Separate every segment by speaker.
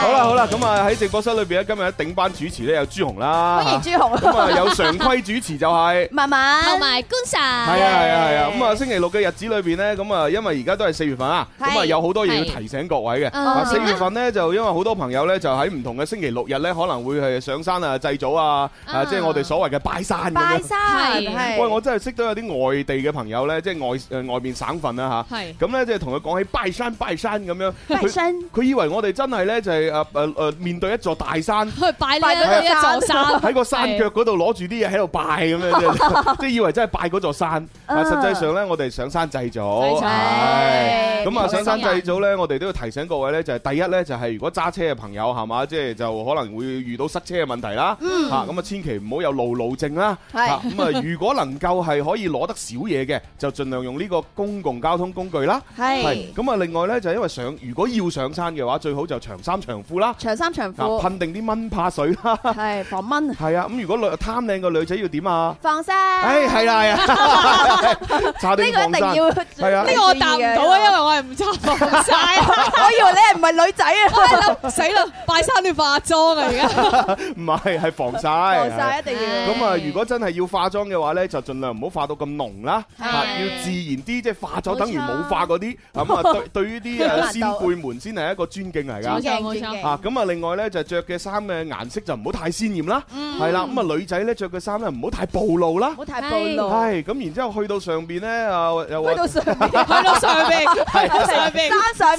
Speaker 1: 好、嗯、啦好啦，咁啊喺直播室裏邊咧，今日一頂班主持咧有朱紅啦，歡迎朱紅。咁啊、嗯、有常規主持就係
Speaker 2: 嫲嫲同埋觀辰。係啊
Speaker 1: 係啊係啊，咁啊、嗯、星期六嘅日子裏邊咧，咁啊因為而家都係四月份啊，咁啊有好多嘢要提醒各位嘅、啊。四月份咧就因為好多朋友咧就喺唔同嘅星期六日咧，可能會係上山啊祭祖啊，啊，啊即係我哋所謂嘅拜山。拜山，拜山、嗯、喂，我真係識到有啲外地嘅朋友咧，即、就、係、是、外外面省份啦吓。咁咧即係同佢講起拜山拜山咁樣。拜山。佢以為我哋真係咧就係。啊誒誒，面對一座大山，去
Speaker 2: 拜拜咗一一座山，喺個山腳
Speaker 1: 嗰度攞住啲嘢，喺度拜咁樣，即係以為真係拜嗰座山。啊，實際上咧，我哋上山祭祖，係咁啊，上山祭祖咧，我哋都要提醒各位咧，就係第一咧，就係如果揸車嘅朋友係嘛，即係就可能會遇到塞車嘅問題啦。嗯，吓咁啊，千祈唔好有路路證啦。係咁啊，如果能夠係可以攞得少嘢嘅，就盡量用呢個公共交通工具啦。係咁啊，另外咧就係因為上，如果要上山嘅話，最好就長三長。褲啦，長衫長褲，噴定啲蚊怕水啦，係防蚊。係啊，咁如果貪靚個女仔要點啊？
Speaker 2: 防曬，防曬哎，係啦、啊，係啦、啊，呢、啊啊啊啊啊呢個一定要，係啊，呢、呢個我答唔到啊，因為我係唔擦防曬、啊、我以為你係唔係女仔啊？死、哎、啦、呃，拜山要化妝、哎呃哎、啊，而
Speaker 1: 家唔係，係防曬，防曬一定要。咁啊，如果真係要化妝嘅話咧，就盡量唔好化到咁濃啦，要自然啲，即係化咗等於冇化嗰啲。咁啊、嗯，對對於啲啊先輩們先係一個尊敬嚟噶。啊，咁啊，另外咧就着嘅衫嘅顏色就唔好太鮮艷啦，係啦，咁啊女仔咧着嘅衫咧唔好太暴露啦，唔好太暴露，係咁，然之後去到上邊咧，啊又或者去
Speaker 2: 到上邊，去到上邊，山上面，山上面，山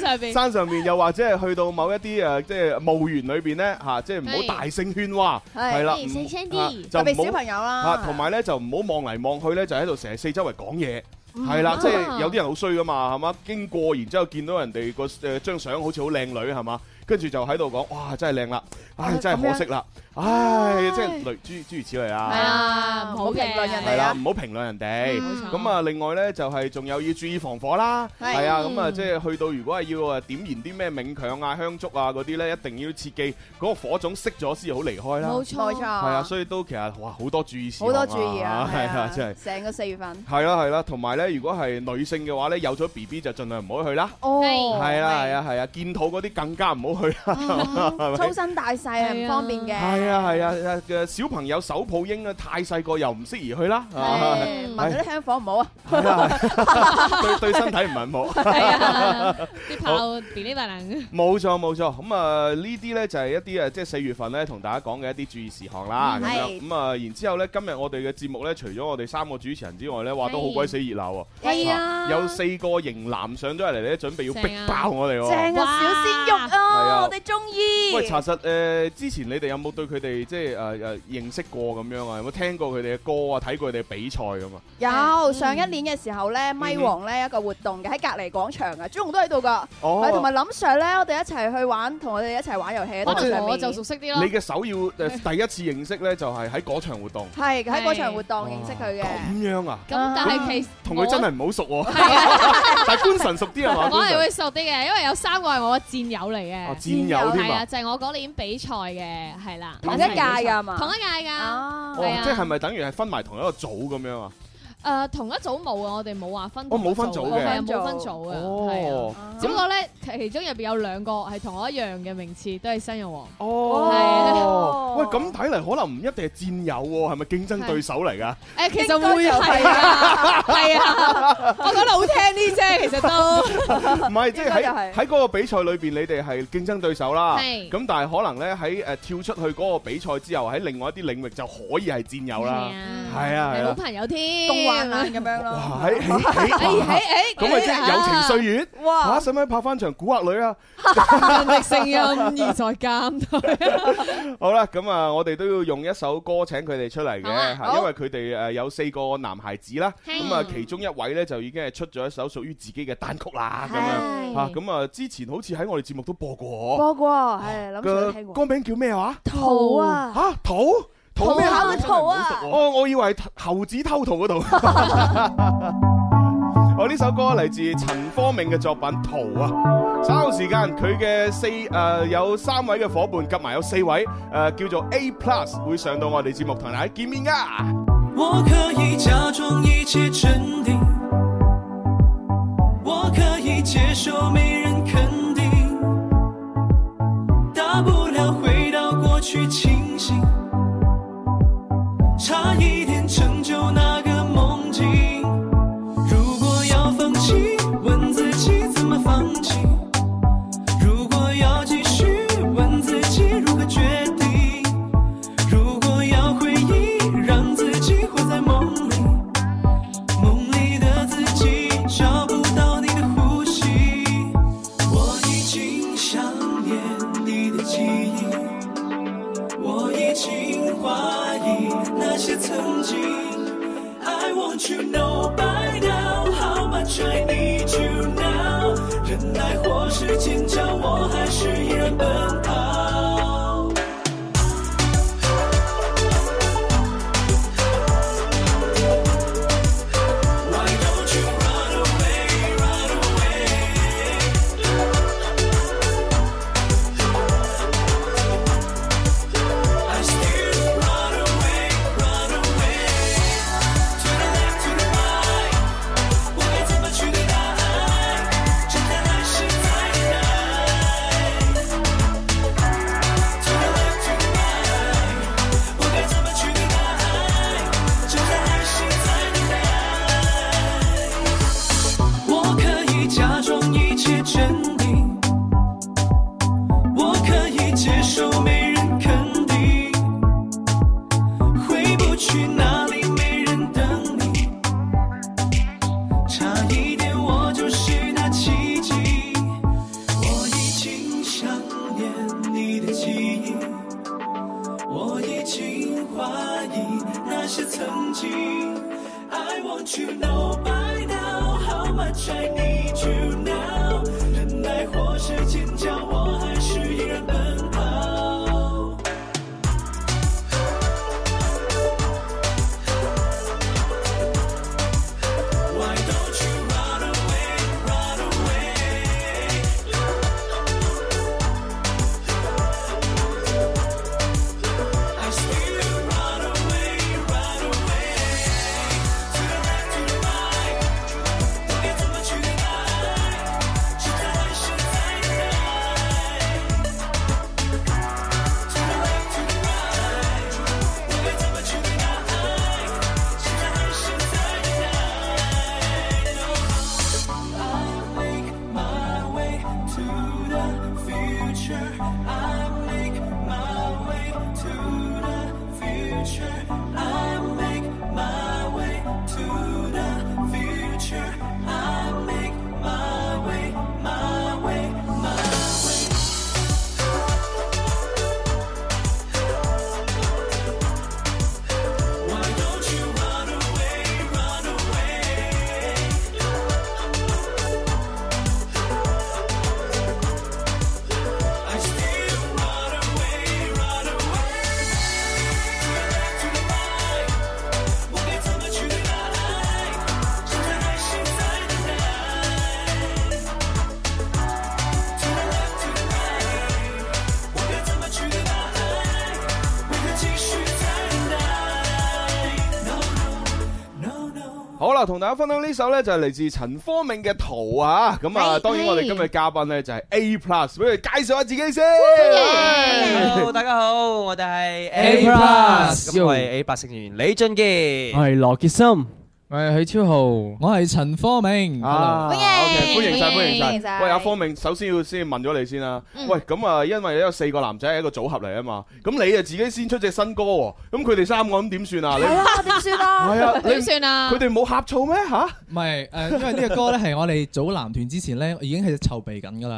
Speaker 2: 上面，山
Speaker 1: 上面，又或者係去到某一啲誒，即係墓園裏邊咧，吓，即係唔好大聲喧嘩，係啦，細聲啲，就俾小朋友啦，吓，同埋咧就唔好望嚟望去咧，就喺度成日四周圍講嘢。係、嗯、啦，即係有啲人好衰㗎嘛，係嘛？經過然之後見到人哋個誒張相好似好靚女，係嘛？跟住就喺度講，哇，真係靚啦！唉，真係可惜啦。唉，即係類諸諸如此類啦。係啊，
Speaker 2: 唔好評論人。係啦，唔
Speaker 1: 好評論人哋。咁啊，另外咧就係仲有要注意防火啦。係啊，咁啊，即係去到如果係要啊點燃啲咩冥鏹啊香燭啊嗰啲咧，一定要切記嗰個火種熄咗先好離開啦。冇錯，錯，係啊，所以都其實哇好多注意事好多注意啊，係啊，真係
Speaker 2: 成個四月份。
Speaker 1: 係啦係啦，同埋咧，如果係女性嘅話咧，有咗 BB 就儘量唔好去啦。哦，係啦係啊係啊，見肚嗰啲更加唔好去啦，粗
Speaker 2: 身大細係唔方便嘅。
Speaker 1: 啊係啊嘅、啊啊、小朋友手抱嬰咧太細個又唔適宜去啦。係，聞嗰啲香火唔好啊。係、啊啊啊啊、 對對身體唔係、啊、 好。係、嗯、
Speaker 2: 啊，跌炮，嗶
Speaker 1: 冇錯冇錯，咁啊呢啲咧就係一啲啊即係四月份咧同大家講嘅一啲注意事項啦。咁、嗯、係。咁啊，啊嗯、然之後咧今日我哋嘅節目咧除咗我哋三個主持人之外咧，話、啊、都好鬼死熱鬧喎、啊。係啊，啊。有四個型男上咗嚟咧，準備要逼爆我哋、啊。正
Speaker 3: 啊！正啊小鮮肉啊，啊！我哋中意。喂，查
Speaker 1: 實誒、呃，之前你哋有冇對？佢哋即係誒誒認識過咁樣，有有過過樣啊？有冇聽過佢哋嘅歌啊？睇過佢哋嘅比賽
Speaker 4: 咁啊？
Speaker 2: 有上一年嘅時候咧，咪王咧一個活動嘅喺隔離廣場啊，朱紅都喺度噶，同、哦、埋林 Sir 咧，我哋一齊去玩，同我哋一齊玩遊戲上面。我就熟悉啲咯。你嘅
Speaker 1: 首要、呃、第一次認識咧，就係喺嗰場活動。
Speaker 2: 係喺嗰場活動認識佢嘅。咁、
Speaker 1: 啊、樣啊？咁、啊啊嗯嗯、但係其實同佢真係唔好熟喎，就 係 觀辰熟啲係嘛？我係會
Speaker 2: 熟啲嘅，因為有三個係我嘅戰友嚟嘅、啊，戰友添啊，啊，就係、是、我嗰年比賽嘅係啦。是同一屆㗎嘛，同一屆㗎，哦啊哦，即係
Speaker 1: 咪等於係分埋同一個組咁樣啊？
Speaker 2: 誒，同一組冇啊，我哋冇話分。我冇分組嘅，冇分組嘅。
Speaker 1: 哦，
Speaker 2: 只不過咧，其中入邊有兩個係同我一樣嘅名次，都係新人王。哦，係。
Speaker 1: 喂，咁睇嚟可能唔一定係戰友喎，係咪競爭對手嚟噶？誒，其實會係啊，係啊，我講得好聽啲啫。其實都唔係，即係喺喺嗰個比賽裏邊，你哋係競爭對手啦。係。咁但係可能咧喺誒跳出去嗰個比賽之後，喺另外一啲領域就可以係戰友啦。係啊，係啊，係老
Speaker 2: 朋友添。咁樣咯，喺喺喺喺，咁啊，即係友情歲月。
Speaker 1: 哇！使唔使拍翻場古惑女啊？男聲又在監聽。好啦，咁啊，我哋都要用一首歌請佢哋出嚟嘅，因為佢哋誒有四個男孩子啦。咁啊，其中一位咧就已經係出咗一首屬於自己嘅單曲啦。咁樣啊，咁啊，之前好似喺我哋節目都播過，播過。個歌名叫咩話？桃啊！嚇桃。好咩下嘅圖啊！哦，我以為猴子偷桃嗰度。我 呢、 哦、首歌嚟自陳科明嘅作品《圖》啊！稍後時間佢嘅四誒、呃、有三位嘅伙伴，夾埋有四位誒、呃、叫做 A Plus 會上到我哋節目台，嚟見面啊！我可以假
Speaker 5: 裝一切鎮定，我可以接受沒人肯定，大不了回到過去清醒差異。
Speaker 1: 同、啊、大家分享呢首咧就係嚟自陳科明嘅《圖》啊！咁啊，當然我哋今日嘉賓咧就係 A Plus，俾佢介紹下自己先。Hey. Hey. Hello，大家好，
Speaker 6: 我哋
Speaker 1: 係 A Plus，咁我係
Speaker 6: A 八成員李俊杰，
Speaker 7: 係羅杰森。喂許超豪，我係陳科明，啊、okay, okay, 歡迎，yeah,
Speaker 1: 歡迎晒，歡迎晒。喂阿科明，首先要先問咗你先啦。Um, 喂，咁啊，因為有四個男仔係一個組合嚟啊嘛，咁你啊自己先出隻新歌，咁佢哋三個咁點算啊？你 啊，點算啊？係啊，點算啊？佢哋冇呷醋咩？吓？
Speaker 7: 唔、啊、係，誒、呃，因為呢隻歌咧係我哋組男團之前咧已經係籌備
Speaker 1: 緊噶啦，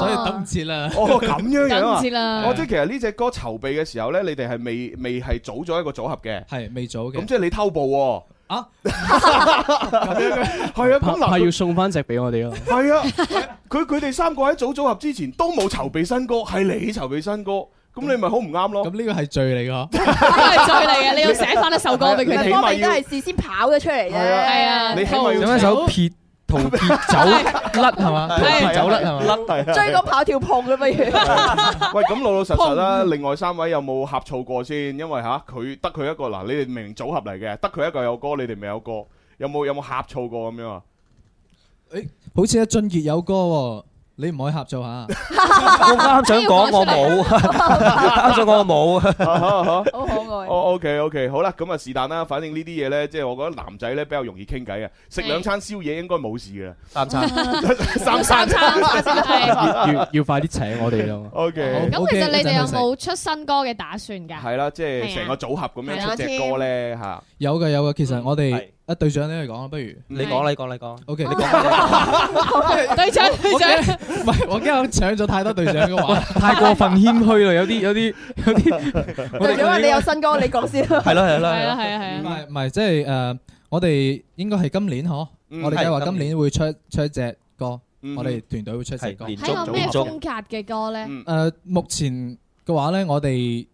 Speaker 1: 所以等唔切啦。哦，咁樣樣等唔切啦。哦，即係其實呢隻歌籌備嘅時候咧，你哋係未未係組咗一個組合嘅，係未組嘅。咁即係你偷步、啊。啊，係 啊，啊，啊，咁
Speaker 7: 係要送翻隻俾我哋咯。
Speaker 1: 係啊，佢佢哋三個喺組組合之前都冇籌備新歌，係你籌備新歌，咁你咪好唔啱咯。咁呢個係罪嚟噶，
Speaker 2: 係、 啊、罪嚟嘅。你要寫翻一首歌俾佢哋、啊、起碼要都事先跑咗出嚟嘅，係啊，啊，啊，啊。你希望要寫一首撇。同跌走甩係嘛？
Speaker 1: 係 吧走甩係嘛？甩，追
Speaker 2: 緊跑跳碰咁樣。的
Speaker 1: 啊、喂，咁老老實實啦，碰 另外三位有冇呷醋過先？因為吓，佢得佢一個嗱，你哋明明組合嚟嘅，得佢一個有歌，你哋未有歌，有冇有冇呷醋過咁樣啊？誒、欸，
Speaker 7: 好似阿俊傑有
Speaker 1: 歌喎、啊。你唔可以合作下，
Speaker 7: 我啱想講我冇，
Speaker 1: 啱想講我冇，好可愛哦，O K O K，好啦，咁啊是但啦，反正呢啲嘢咧，即係我覺得男仔咧比較容易傾偈啊，食兩餐宵夜應該冇事嘅，三餐
Speaker 4: 三
Speaker 2: 餐，先
Speaker 1: 係
Speaker 7: 要要快啲請我哋咯。
Speaker 1: O K，咁其實你哋有
Speaker 2: 冇出新歌嘅打算噶？
Speaker 7: 係啦，即係成個組合咁樣出隻歌咧吓，有嘅有嘅，其實我哋。啊，隊長你嚟講啊，不如你講，你講，你講。O K，你講。
Speaker 2: 隊
Speaker 4: 長，隊長，
Speaker 7: 唔係，我驚我搶咗太多隊長嘅話，太過分謙虛啦，有啲，有啲，
Speaker 4: 有啲。隊長話你有新歌，你講先啦。係啦，係啦，係啊，係啊，係。唔係，
Speaker 7: 唔係，即係誒，我哋應該係今年嗬，我哋計劃今年會出出一隻歌，我哋團隊會出隻歌。喺個咩風
Speaker 2: 格嘅歌咧？誒，
Speaker 7: 目前嘅話咧，我哋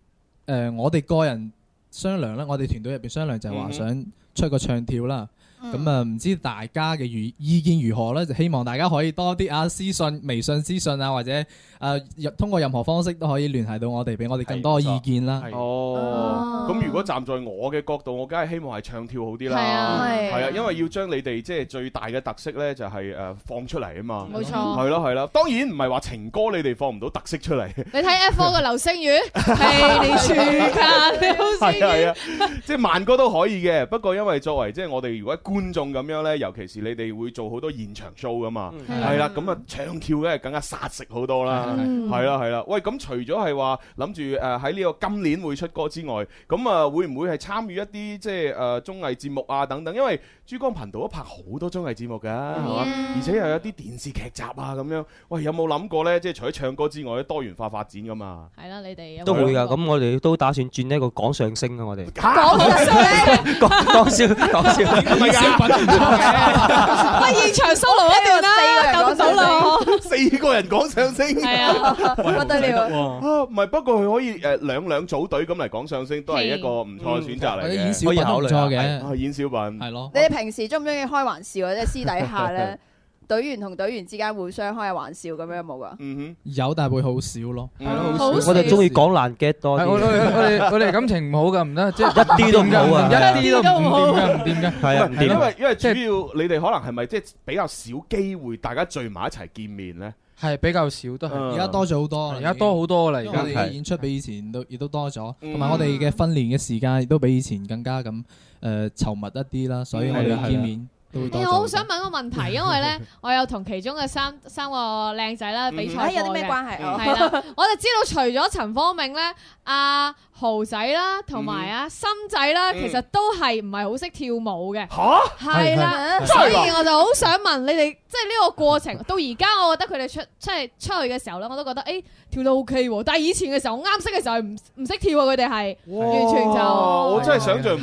Speaker 7: 誒，我哋個人商量咧，我哋團隊入邊商量就係話想。出個唱跳啦！咁、嗯、啊，唔、嗯、知大家嘅意意見如何呢？就希望大家可以多啲啊，私信、微信私信啊，或者誒、啊，通過任何方式都可以聯繫到我哋，俾我哋
Speaker 1: 更多意見啦。哦，咁、哦哦、如果站在我嘅角度，我梗係希望係唱跳好啲啦。係啊，係啊，因為要將你哋即係最大嘅特色呢，就係放出嚟啊嘛。冇錯，係咯係咯。當然唔係話情歌你哋放唔到特色出嚟。
Speaker 4: 你睇
Speaker 2: F4 嘅《流 星雨》，
Speaker 1: 係你全家
Speaker 4: 都知。係啊，係啊，
Speaker 1: 即係慢歌都可以嘅。不過因為作為即係我哋如果，觀眾咁樣呢，尤其是你哋會做好多現場 show 噶嘛，係、嗯、啦，咁啊，啊就唱跳呢，更加殺食好多啦，係啦係啦。喂，咁除咗係話諗住誒喺呢個今年會出歌之外，咁啊會唔會係參與一啲即係誒、呃、綜藝節目啊等等？因為珠江頻道都拍好多綜藝節目㗎，係嘛？而且又有啲電視劇集啊咁樣。喂，有冇諗過咧？即係除咗唱歌之外，多元化發展㗎嘛？係啦，你哋都會
Speaker 6: 㗎。咁我哋都打算轉一個講相聲㗎，我哋
Speaker 2: 講相聲，
Speaker 6: 講笑，
Speaker 5: 講笑，唔係笑
Speaker 1: 品。喂，現場 solo 一段啦，四個人講相聲，四個人講相聲，係啊，不得了啊！唔係不過佢可以誒兩兩組隊咁嚟講相聲，都係一個唔錯嘅選擇嚟嘅，可以考慮嘅。啊，演小品係咯。
Speaker 2: 你平平時中唔中意開玩笑啊，即係私底下咧？ 隊員同隊員之間互
Speaker 4: 相開下玩笑咁樣有冇噶、嗯？
Speaker 7: 有但係會好少咯，係、嗯、咯，我哋中意講爛 gag 多啲。我哋感情唔好噶，唔得，即 係一啲都唔好啊，一啲都唔好。唔掂
Speaker 1: 嘅，因為因為主要、就是、你哋可能係咪即係比較少機會大家聚埋一齊見面咧？
Speaker 7: 係比較少都，都係而家多咗好多了，而家多好多啦。而家演出比以前都亦都多咗，同、嗯、埋我哋嘅訓練嘅時間亦都比以前更加咁誒、呃，稠密一啲啦，所以我哋見面。倒倒欸、我好
Speaker 2: 想問個問題，因為咧，我有同其中嘅三三個靚仔啦比賽，有啲咩關係？係啦，我就知道除咗陳方明咧，阿、啊、豪仔啦，同埋阿森仔啦，其實都係唔係好識跳舞嘅。吓、啊，係啦，所以我就好想問你哋，即係呢個過程到而家，我覺得佢哋出即係出去嘅時候咧，我都覺得誒、欸、跳到 OK，啊、但係以前嘅時候，我啱識嘅時候唔唔識跳、啊，佢哋係完
Speaker 4: 全
Speaker 1: 就，我真係想象唔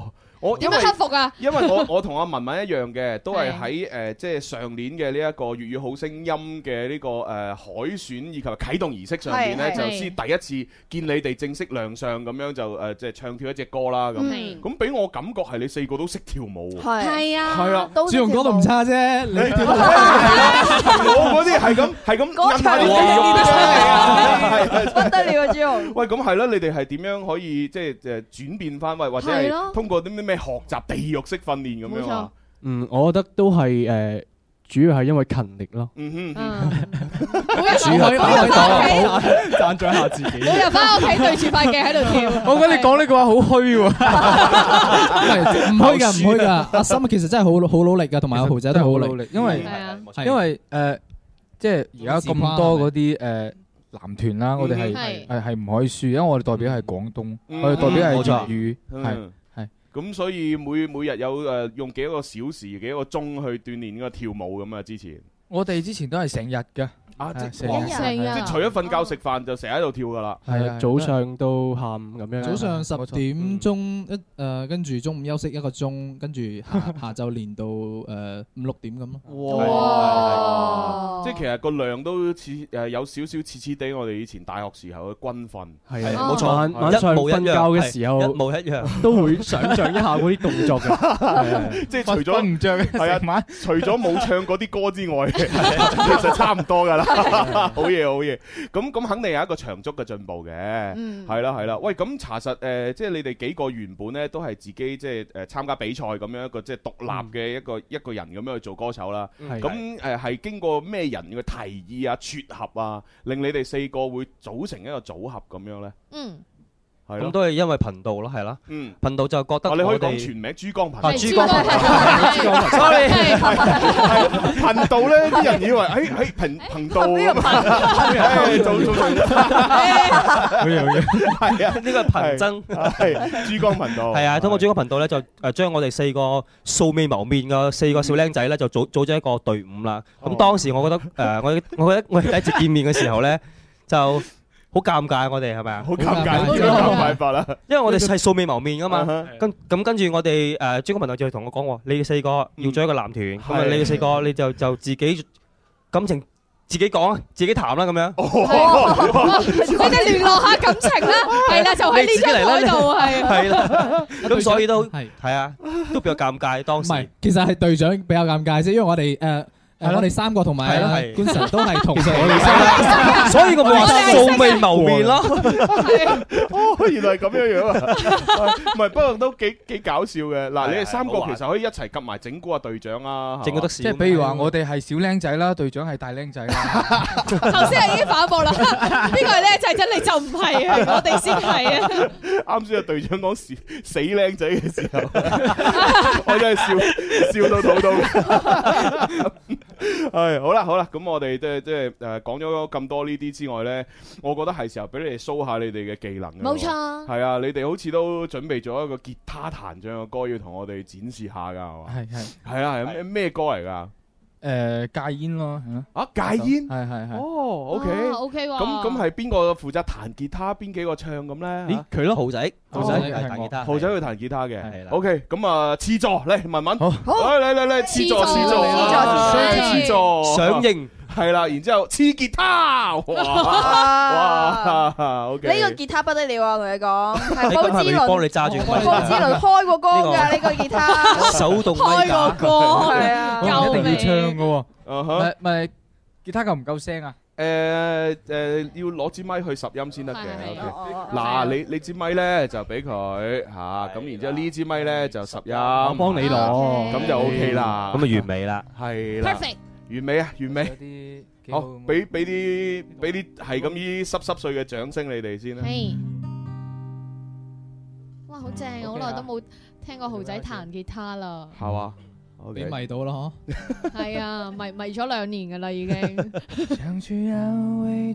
Speaker 1: 到、啊。我有咩克
Speaker 2: 服啊？因為我我
Speaker 1: 同阿文文一樣嘅，都係喺誒即係上年嘅呢一個粵語好聲音嘅呢個誒海選以及啟動儀式上邊咧，就先第一次見你哋正式亮相咁樣就誒即係唱跳一隻歌啦咁。咁俾我感覺係你四個都識跳舞喎。係啊，係啊，朱紅講得唔差啫。你跳得咩？我嗰啲係咁係咁。我唱啲經典啲出嚟啊！係分低你個朱紅。喂，咁係啦，你哋係點樣可以即係誒轉變返？喂，或者係通過啲咩咩？學習地獄式訓練咁樣，
Speaker 7: 嗯，我覺得都係誒、呃，主要係因為勤
Speaker 4: 力咯。嗯哼 嗯哼，咁 啊，輸佢、嗯。好，K，贊助一下自己。我又翻屋企對住塊鏡喺度跳。我
Speaker 7: 覺得你講呢句話好虛喎。
Speaker 4: 唔
Speaker 7: 虛噶，唔虛噶。 阿森其實真係好好努力噶，同埋阿豪仔都好努力。因為因為即係而家咁多嗰啲男團啦，我哋係唔可以輸，因為我哋代表係廣東，我哋代表係粵語，
Speaker 1: 咁所以每每日有誒、呃、用幾個小時幾多個鐘去鍛煉嗰個跳舞咁啊之前。我哋之前都係成日嘅，
Speaker 7: 啊成日即係除咗
Speaker 1: 瞓覺食飯就成日喺度跳噶啦，係啊，早
Speaker 7: 上到下午咁樣。早上十點鐘一誒，跟住中午休息一個鐘，跟住下下晝練到誒五六點咁咯。哇！哇
Speaker 1: 即係其實個量都似誒有少少似似哋，我哋以前大學時候嘅軍訓係啊，冇錯，一模一樣。瞓覺嘅時候一模一樣， 都會想象一下嗰啲動作嘅 是 是， 即係除咗唔唱係啊，除咗冇唱嗰啲歌之外。 其實差唔多噶啦，好嘢，好嘢，咁咁肯定有一個長足嘅進步嘅，係啦，係啦。喂，咁查實誒、呃，即係你哋幾個原本咧都係自己即係誒參加比賽咁樣一個即係獨立嘅一個、嗯、一個人咁樣去做歌手啦。咁誒係經過咩人嘅提議啊撮合啊，令你哋四個會組成一個組合咁樣咧？嗯。咁
Speaker 6: 都係因為頻道咯，係啦。嗯，頻道就覺得我，哦，哋全名
Speaker 1: 珠江頻道。珠江頻道 s 頻道咧，啲人 以為，喺哎，頻頻道咁啊，做
Speaker 4: 做做，係啊，
Speaker 1: 呢個頻爭，係珠江頻道。係
Speaker 6: 啊，通過珠江頻道咧，就誒將我哋四個素未謀面嘅四個小靚仔咧，就組組咗一個隊伍啦。咁、哦嗯、當時我覺得，誒、呃，我我覺得我，我第一次見面嘅時候咧，就。好尷尬，我哋係咪啊？好尷尬，冇辦法啦。因為我哋係素未謀面噶嘛。跟咁跟住我哋誒，朱家文又再同我講喎，你哋四個要組一個男團，係咪？你哋四個你就就自己感情自己講，自己談啦，咁樣。哦，你哋聯絡下
Speaker 4: 感情啦，係啦，就喺呢張台度係。係啦，
Speaker 6: 咁所以都係係啊，
Speaker 7: 都比較尷尬當時。唔係，其實係隊長比較尷尬啫，因為我哋誒。係我哋三個同埋觀辰都係同，其實我哋三，所以我話素未謀面咯。
Speaker 1: 哦，原來係咁樣樣啊！唔係，不過都幾幾搞笑嘅。嗱，你哋三個其實可以一齊夾埋整蠱阿隊長啊！整蠱得少，即係比如話，我
Speaker 7: 哋係小靚仔啦，
Speaker 1: 隊長係大靚仔啦。
Speaker 2: 頭先係已經反駁啦，呢個係靚仔真你就唔係，
Speaker 1: 係我哋先係啊！啱先阿隊長講死死靚仔嘅時候，我真係笑笑到肚痛。係 好啦好啦，咁我哋即係即係誒，講咗咁多呢啲之外呢，我覺得係時候俾你哋 show 下你哋嘅技能。冇錯，啊，係啊，你哋好似都準備咗一個吉他彈唱嘅歌要同我哋展示下噶，係嘛？係係係啊係咩咩歌嚟噶？誒、呃、戒煙咯，啊戒煙係係係，哦，OK，OK 咁咁係邊個負責彈吉他，邊幾個唱咁咧？佢、啊、咯，豪仔，哦、豪仔彈、哦、吉，吉他，豪仔去彈吉他嘅，OK，咁、哦哦、啊，次座，嚟慢慢好，嚟嚟嚟，次座次座，係次座，上映。啊係啦，然之後黐吉他，哇哇，OK，呢個吉
Speaker 2: 他不得了啊！同你講，係高志倫幫你揸住，高志倫開過光噶呢個
Speaker 4: 吉他，開過歌，係啊，一定要唱
Speaker 1: 噶，咪咪吉他夠唔夠聲啊？誒誒，要攞支咪去拾音先得嘅。嗱，你你支咪咧就俾佢吓，咁然之後呢支咪咧就拾音，幫你攞，咁就 OK 啦，咁就完美啦，係啦。完美啊，完美！好、哦，俾俾啲俾啲係咁意濕濕碎嘅掌聲你哋先啦、啊。係、
Speaker 2: hey.，哇，好正！好、okay. 耐都冇聽過豪仔彈吉他啦。
Speaker 7: 係嘛，okay. 你迷到啦嗬？
Speaker 2: 係 啊，迷迷咗兩年
Speaker 3: 噶啦已經。 想去安慰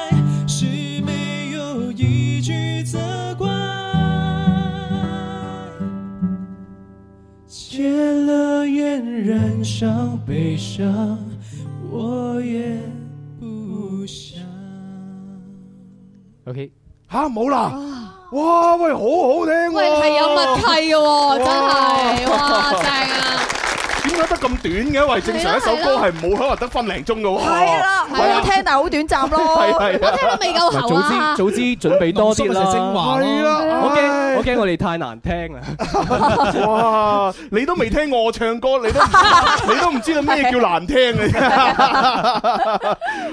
Speaker 5: 點、啊、了煙，染上悲傷，我也不想。
Speaker 1: OK，吓，冇啦。哇，喂，好好聽啊。喂，係有默契嘅，真係，哇塞。哇，正啊！得咁短嘅，因為！正常一首歌係冇可能得分零鐘嘅喎。係啦，好聽
Speaker 2: 但係好短暫咯。係係，我聽得未
Speaker 1: 夠喉啊！早知早知準備多啲啦。係啦，我驚我驚，我哋太難聽啦！哇！你都未聽我唱歌，你都你都唔知道咩叫難聽嘅。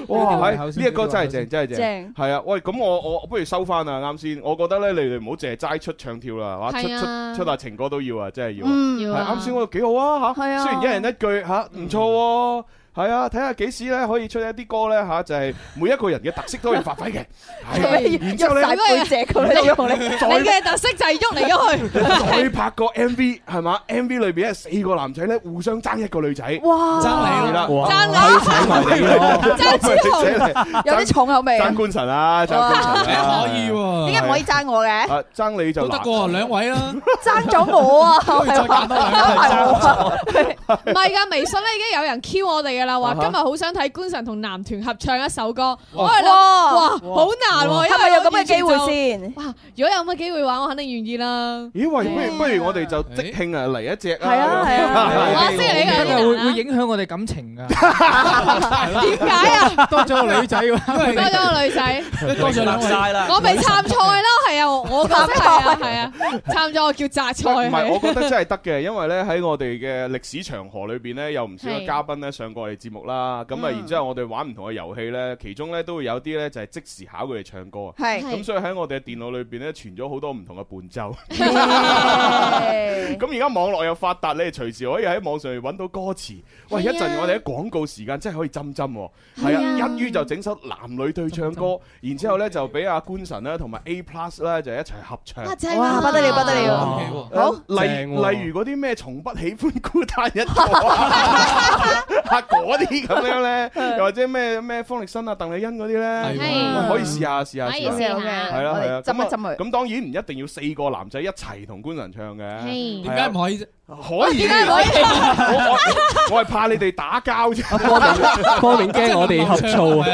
Speaker 1: 哇！呢個歌真係正，真係正。正係啊！喂，咁我我不如收翻啦。啱先，我覺得咧，你哋唔好淨係齋出唱跳啦，哇！出出出下情歌都要啊，真係要。嗯，要啊。啱先嗰個幾好啊，吓。係啊。雖然。Oh. 一人一句吓，唔錯喎。係啊，睇下幾時咧可以出一啲歌咧嚇，就係每一個人嘅特色都可以發揮嘅。然之後咧，再嘅特
Speaker 2: 色就係喐嚟喐
Speaker 1: 去。佢拍個 MV 係嘛？MV 裏邊咧，四個男仔咧互相爭一個女仔。哇！爭你啦！爭你！爭子豪，有啲重口味。爭官神啊！可以喎，點解唔可以爭我嘅？啊，爭你就得過兩位啦。
Speaker 2: 爭咗我啊，係咪？唔係㗎，微信咧已經有人 Q 我哋嘅。啦！話今日好想睇觀辰同男團合唱一首歌。哇好難喎！今日有咁嘅機會先。哇！如果有咁嘅機會嘅話，我肯定願意啦。
Speaker 1: 咦、欸？喂，不、嗯、如不如我哋就即興啊嚟、欸、一隻啊！係啊係啊！我知你嘅
Speaker 7: 會影響我哋感情㗎。
Speaker 1: 點解啊？多咗個女仔喎！多咗個女
Speaker 7: 仔，
Speaker 2: 多咗兩齋啦。我咪參賽咯，係啊！我覺得係啊係啊，參我叫賽叫摘菜。唔係、啊，我覺得真
Speaker 1: 係得嘅， 因為咧喺我哋嘅歷史長河裏邊咧，有唔少嘅嘉賓咧上過嚟。節目啦，咁啊，然之後我哋玩唔同嘅遊戲呢，其中呢都會有啲呢，就係、是、即時考佢哋唱歌，係咁，所以喺我哋嘅電腦裏邊呢存咗好多唔同嘅伴奏，咁而家網絡又發達，你隨時可以喺網上面揾到歌詞、啊。喂，一陣我哋喺廣告時間真係可以針針喎，係啊，一於、啊啊、就整首男女對唱歌，針針然之後呢、okay. 就俾阿觀辰啦同埋 A Plus 咧就一齊合唱、啊真啊，哇，不得了不得了，好、啊例，啊、例如嗰啲咩從不喜歡孤單一個。 嗰啲咁樣咧，又 或者咩咩方力申啊、鄧麗欣嗰啲咧，的可以試下試下，下係啊，係啊，浸一浸下。咁當然唔一定要四個男仔一齊同觀辰唱嘅，點解唔可以啫？可以，可以，我係怕你哋打交啫，方便驚我哋呷醋
Speaker 4: 啊！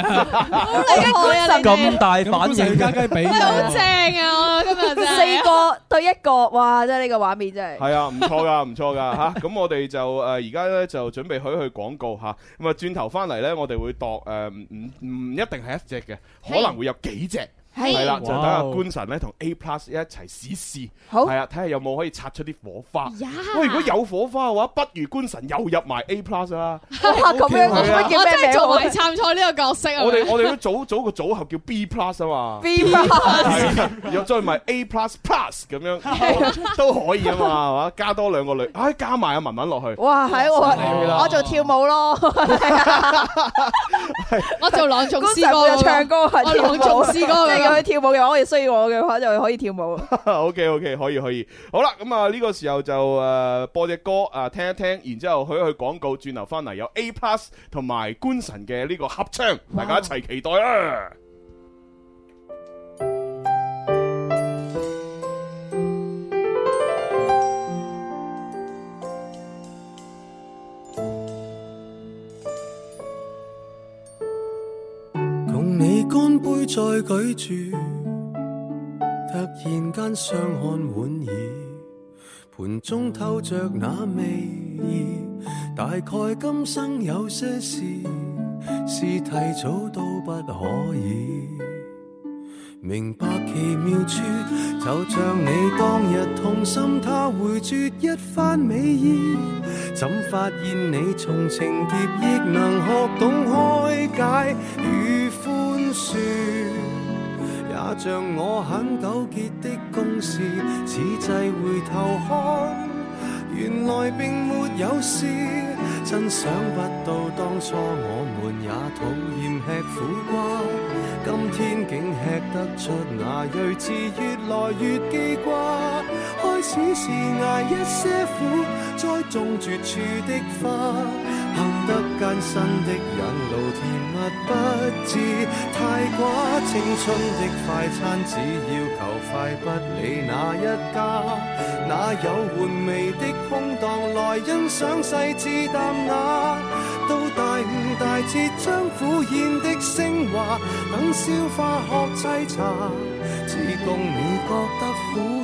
Speaker 4: 咁大
Speaker 1: 反應嘅，好
Speaker 2: 正啊！今日四個對一個，哇！真係呢個畫面真係。
Speaker 1: 係啊，唔錯㗎，唔錯㗎嚇。咁我哋就誒而家咧就準備去一去廣告嚇。咁啊，轉頭返嚟咧，我哋會度誒唔唔唔一定係一隻嘅，可能會有幾隻。係啦、哦，就等、是、阿觀辰咧同 A Plus 一齊試試，係啊，睇下有冇可以擦出啲火花。Yeah. 喂，如果有火花嘅話，不如觀辰又入埋 A Plus 啦。
Speaker 2: 我真係做埋參賽呢個角色啊！我哋我哋個
Speaker 1: 組組個組合叫 B Plus 啊嘛，B Plus 再埋 A Plus Plus 咁樣 都可以啊嘛，係嘛，加多兩個女，哎、啊，加埋阿文文落去。哇，係我，啊、我做
Speaker 2: 跳舞咯， 我做朗誦詩歌，唱、啊、歌，我朗誦詩歌。 又 去跳舞嘅話，可以需要我嘅話就可以跳舞。
Speaker 1: OK OK，可以可以。好啦，咁啊呢個時候就播隻歌啊聽一聽，然之後去一去廣告轉流翻嚟有 A Plus 同埋觀辰嘅呢個合唱，大家一齊期待啊！
Speaker 4: 杯
Speaker 8: 再舉住，突然間相看莞爾，盤中透着那美意，大概今生有些事，是提早都不可以明白奇妙處，就像你當日痛心，他回絕一番美意，怎發現你從情劫亦能學懂開解與也像我很糾結的公事，此際回頭看，原來並沒有事。真想不到當初我們也討厭吃苦瓜，今天竟吃得出那睿智，越來越記掛。開始時挨一些苦，再種絕處的花。行得艱辛的引路，甜蜜不致太寡。青春的快餐，只要求快，不理哪一家。哪有玩味的空檔來欣賞細致淡雅？到大悟大徹，將苦咽的升華，等消化喝沏茶，只共你覺得苦。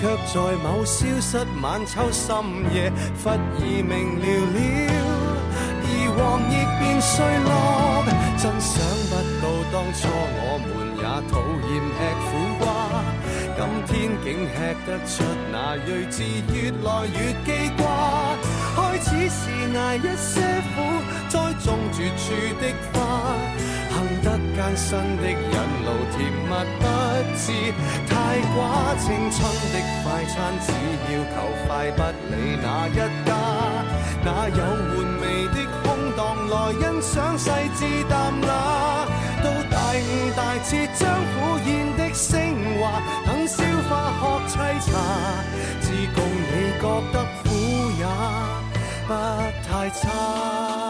Speaker 8: 卻在某消失晚秋深夜忽爾明了了，而黃葉變碎落。真想不到當初我們也討厭吃苦瓜，今天竟吃得出那睿智，愈來愈記掛。開始時捱一些苦，栽種絕處的花。艱辛的引路，甜蜜不致太寡；青春的快餐，只要求快，不理那一家。哪有玩味的空檔來欣賞細致淡雅？到大悟大徹，將苦宴的升華，等消化，學沏茶，只共你覺得苦也不太差。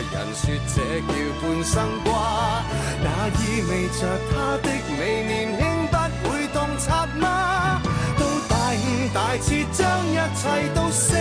Speaker 8: 人說這叫半生瓜，那意味着他的美年輕不會洞察嗎？到大徹大悟，將一切都。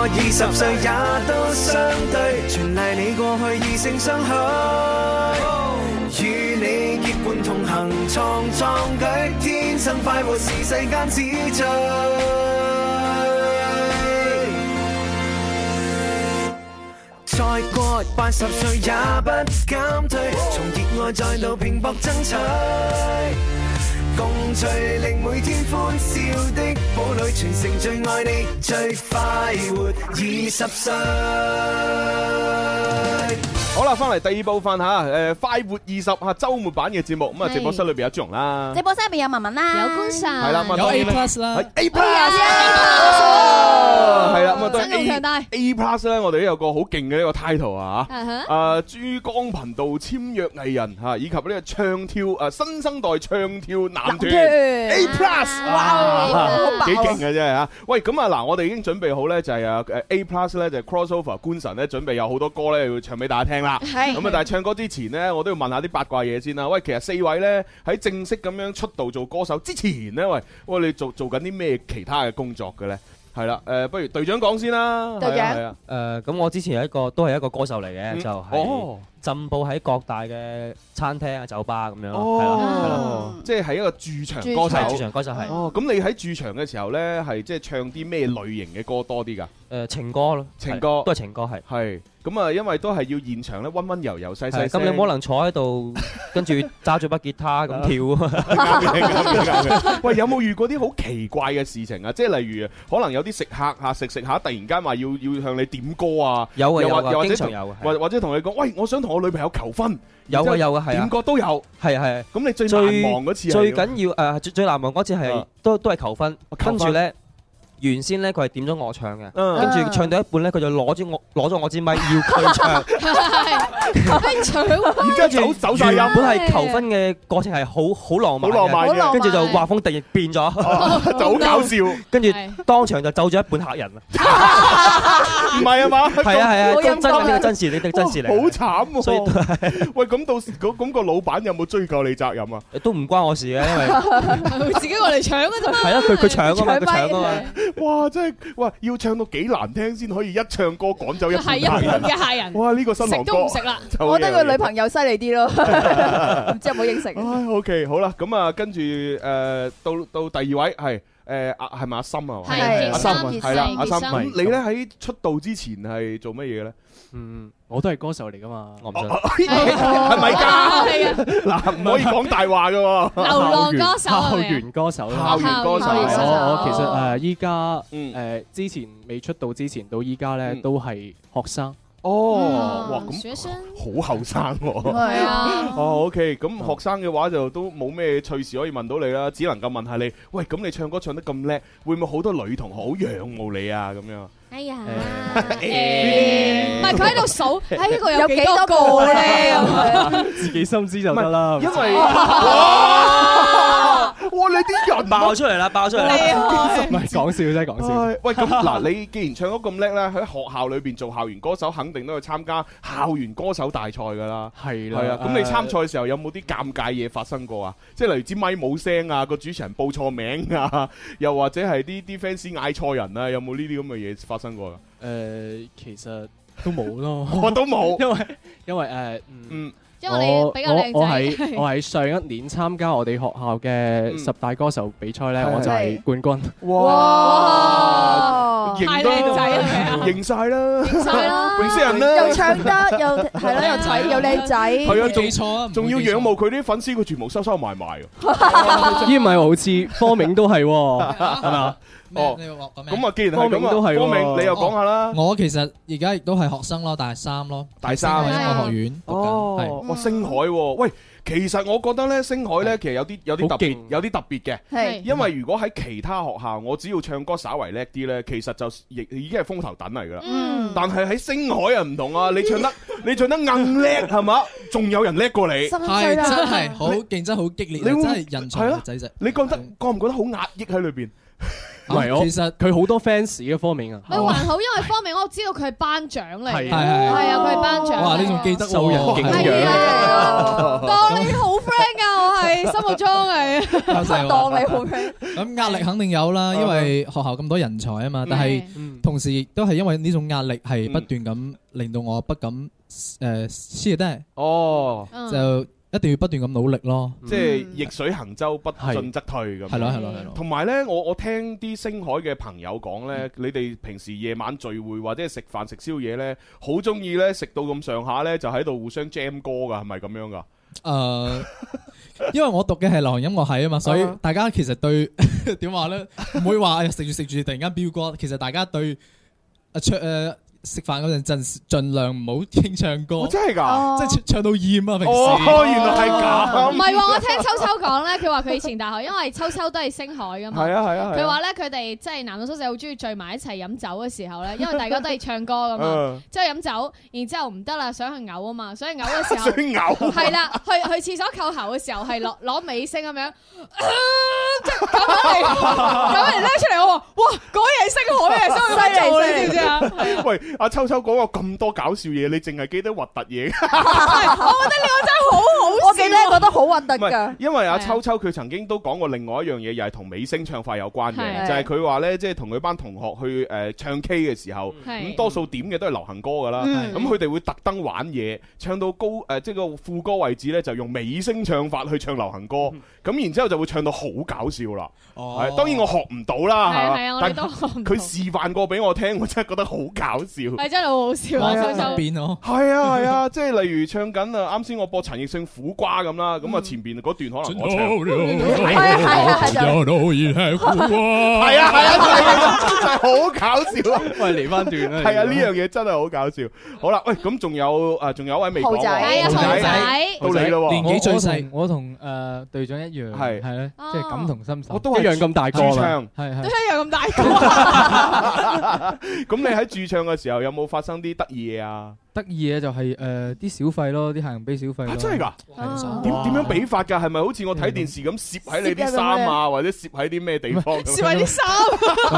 Speaker 9: 過二十歲也都相對，全賴你過去異性相許，與你結伴同行，創壯舉，天生快活是世間之最。再過八十歲也不減退，從熱愛再到拼搏爭取。共隨令每天歡笑的堡壘，全城最愛你，最快活
Speaker 1: 二十歲。好啦，翻嚟第二部分吓，誒快活二十吓周末版嘅節目，咁啊直播室裏邊有朱蓉啦，
Speaker 2: 直
Speaker 4: 播室入邊有文文啦，有官神，係啦，有 A plus 啦，A plus 係啦，咁啊都係
Speaker 1: A plus 咧，啊啊啊啊，我哋都有個好勁嘅呢個 title 啊吓，誒、啊啊、珠江頻道簽約藝人吓、啊，以及呢個唱跳誒、啊、新生代唱跳男團 A
Speaker 4: plus、啊、哇，幾勁嘅
Speaker 1: 啫係吓，喂咁啊嗱、啊，我哋已經準備好咧就係、是、啊誒 A plus 咧就係、是、crossover 官神咧準備有好多歌咧要唱俾大家聽。係咁啊！但係唱歌之前呢，我都要問下啲八卦嘢先啦。喂，其實四位呢，喺正式咁樣出道做歌手之前呢，喂，喂，你做做緊啲咩其他嘅工作嘅呢？係啦，誒、呃，不如隊長講先啦。隊長，誒，咁、呃、我之前有一個都係一個歌手嚟嘅、嗯，就係、是。哦進步喺各大嘅餐廳啊、酒吧咁樣咯，係、哦、啦，即係係一個駐場歌手，駐場歌手係、就是。哦，咁你喺駐場嘅時候咧，係即係唱啲咩類型嘅歌多啲㗎？誒、呃，情歌咯，情歌都係情歌係。係咁啊，因為都係要現場咧，溫溫柔柔細細聲。咁你可能坐喺度， 跟住揸住把吉他咁跳啊、 嗯嗯嗯嗯嗯嗯嗯嗯！喂，有冇遇過啲好奇怪嘅事情啊？即、就、係、是、例如可能有啲食客吓食食下，突然間話要要向你點歌啊？有啊，有啊，有啊，或或者同你講：喂，我想同我。我女朋友求婚。有啊有啊，係啊，點個都有，係啊係啊。咁你最難忘嗰次係？最緊要誒最最難忘
Speaker 6: 嗰次係都都係求婚，跟住咧。原先咧佢係點咗我唱嘅，跟住唱到一半咧，佢就攞住我攞咗我支咪，要佢唱，
Speaker 4: 跟住好走本係求婚
Speaker 6: 嘅過程係好好浪漫的，好浪漫。跟住就畫風突然變咗、哦，就好搞笑。跟住當場就走咗一半客人啊！
Speaker 4: 唔係啊嘛？係啊係啊，啊真呢嘅、呢個、
Speaker 6: 真事你嚟，呢個、真事嚟，好
Speaker 1: 慘。所以喂，咁到時嗰咁、嗰個老闆有冇追究你責任啊？都唔關我事嘅，因為 佢自己過嚟搶嘅啫嘛。係啊，佢佢搶啊嘛，佢搶啊嘛。哇！真係哇，要唱到幾難聽先可以一唱歌趕走一係一派嘅客人。客人哇！呢、呢個新郎哥食都唔食啦， 我覺得個女朋友
Speaker 2: 犀利啲咯，唔知有冇應承
Speaker 1: ？OK，唉好啦，咁啊，okay，跟住誒、呃、到到第二位係。誒阿係咪阿心係啊？阿心係啦，阿、啊、心、啊啊啊啊嗯、你咧喺出道之前係做乜嘢嘅咧？嗯，我都係歌手嚟噶嘛，我唔信，
Speaker 7: 係
Speaker 4: 咪㗎？嗱、啊，唔、啊啊啊啊啊啊、可以
Speaker 1: 講大話嘅喎，校園歌手校、啊、園歌
Speaker 7: 手校、啊、歌手、啊。我我其實誒依家誒之前未出道之前到
Speaker 1: 依家咧都係學生。
Speaker 4: 哦，哇，咁
Speaker 1: 好後生喎！係啊，哦，OK，咁學生嘅話就都冇咩趣事可以問到你啦，只能夠問下你，喂，咁你唱歌唱得咁叻，會唔會好多女同學好仰慕你啊？咁樣，哎呀，唔
Speaker 4: 係佢喺度數，係呢個有幾多個咧？
Speaker 1: 自己心知就得啦。因為。哇！你啲人爆出嚟啦，爆出嚟，唔係講笑啫，講笑。喂，咁嗱， 你既然唱得咁叻咧，喺學校裏邊做校園歌手，肯定都要參加校園歌手大賽㗎啦。係、嗯、啦，係啊。咁、嗯嗯、你參賽嘅時候有冇啲尷尬嘢發生過啊？即、呃、係例如支咪冇聲啊，個主持人報錯名啊，又或者係啲啲 fans 嗌錯人啊，有冇呢啲咁嘅嘢發生過㗎？誒、呃，其實都冇咯， 我都冇，因為因為誒、呃，嗯。
Speaker 4: 因為我哋比較靚仔，我係我係
Speaker 7: 上一年參加我哋學校嘅十大歌手比賽咧，我就係冠軍。哇！
Speaker 4: 咁靚仔啊，
Speaker 1: 認晒啦，認曬人啦，又唱得又係啦，又仔，又靚仔。係啊，冇錯，仲要仰慕佢啲粉絲，佢全部收收埋埋嘅。依咪好似科明都係，係嘛？哦，咁啊，既然阿光明都係，光明你又講下啦。我
Speaker 7: 其實而家亦都係學生咯，大三咯，大三喺星海音樂學院
Speaker 4: 讀緊。哦，
Speaker 7: 我
Speaker 1: 星海，喂，其實我覺得咧，星海咧，其實有啲有啲特別，有啲特別嘅。係。因為如果喺其他學校，我只要唱歌稍為叻啲咧，其實就亦已經係風頭躉嚟噶啦。嗯。但係喺星海啊，唔同啊，你唱得你唱得硬叻係嘛，仲有人叻過你，係真係好競爭好激烈，真係人才濟濟。你覺得覺唔
Speaker 7: 覺得好壓抑喺裏邊？其實佢好多 fans 嘅方面啊，我
Speaker 2: 還好，因為方面我知道佢係班長嚟，係係係啊，佢係班長。哇，你
Speaker 7: 仲記得受人敬仰，
Speaker 2: 當你好 friend 啊！我係心目中係，當你好
Speaker 7: friend。咁壓力肯定有啦，因為學校咁多人才啊嘛，但係同時亦都係因為呢種壓力係不斷咁令到我不敢誒 say 哦，就。一定要不斷咁努力咯，即
Speaker 1: 係逆水行舟，不進則退咁。係咯，係咯，係咯。同埋咧，我我聽啲星海嘅朋友講咧、嗯，你哋平時夜晚聚會或者食飯食宵夜咧，好中意咧食到咁上下咧，就喺度互相 Jam 歌噶，係咪咁樣噶？
Speaker 7: 誒、呃， 因為我讀嘅係流行音樂係啊嘛，所以大家其實對點話咧，唔、啊、 會話食住食住突然間飆歌。其實大家對誒，誒、啊。食飯嗰陣盡盡量唔好聽唱歌。哦、真係噶，哦、即係唱，唱到厭啊！平時哦，原來係咁、
Speaker 2: 哦，唔係、啊，我聽秋秋講咧，佢話佢以前大學， 因為秋秋都係星海噶嘛，係啊係啊，佢話咧佢哋即係男同宿舍好中意聚埋一齊飲酒嘅時候咧，因為大家都係唱歌噶嘛，即係飲酒，然之後唔得啦，想去嘔啊嘛，所以嘔嘅時候， 想嘔、啊，係啦、啊，去去廁所扣喉嘅時候係攞攞尾聲咁樣，
Speaker 4: 咁嚟咁嚟拎出
Speaker 2: 嚟，我話哇，嗰日星海嘅 人真係好犀利， 你知唔知啊？
Speaker 1: 喂。阿秋秋講過咁多搞笑嘢，你淨係記得核突嘢？
Speaker 4: 我覺得你個真係好好笑、啊，我記得覺得好核
Speaker 1: 突㗎！因為阿秋秋佢曾經都講過另外一樣嘢，又係同美聲唱法有關嘅，就係佢話呢，即係同佢班同學去唱 K 嘅時候，咁、嗯、多數點嘅都係流行歌㗎啦。咁佢哋會特登玩嘢，唱到高即係個副歌位置呢，就用美聲唱法去唱流行歌。咁、嗯、然之後就會唱到好搞笑啦。當、哦、當然我學唔到啦，是的是的是的，但佢示範過俾我聽，我真係覺得好搞笑。係真
Speaker 3: 係好好笑是啊！真笑
Speaker 1: 變咯，係啊係啊，即係例如唱緊啊，啱先我播陳奕迅苦瓜咁啦，咁啊前邊嗰段可能我唱。係啊係啊，真係好搞笑啊！喂，嚟翻段啦。係啊，呢樣嘢真係好搞笑。好啦，喂，咁仲有啊，仲、欸、有，有一位未講。兔仔，兔仔，
Speaker 4: 到你
Speaker 7: 啦！年紀最細，我同誒、呃、隊長一樣係係咧，即係、啊就是、感同身受，一樣咁大個啦。係係，都一樣
Speaker 2: 咁大
Speaker 1: 個。咁你喺駐唱嘅時？又有冇發生啲、啊、得意嘢啊、就係？
Speaker 7: 得意嘢就係誒啲小費咯，啲客人俾小費、啊。真係㗎？
Speaker 1: 點點哇樣俾法㗎？係咪好似我睇電視咁攝喺你啲衫啊，或者攝喺啲咩地方？攝喺啲衫。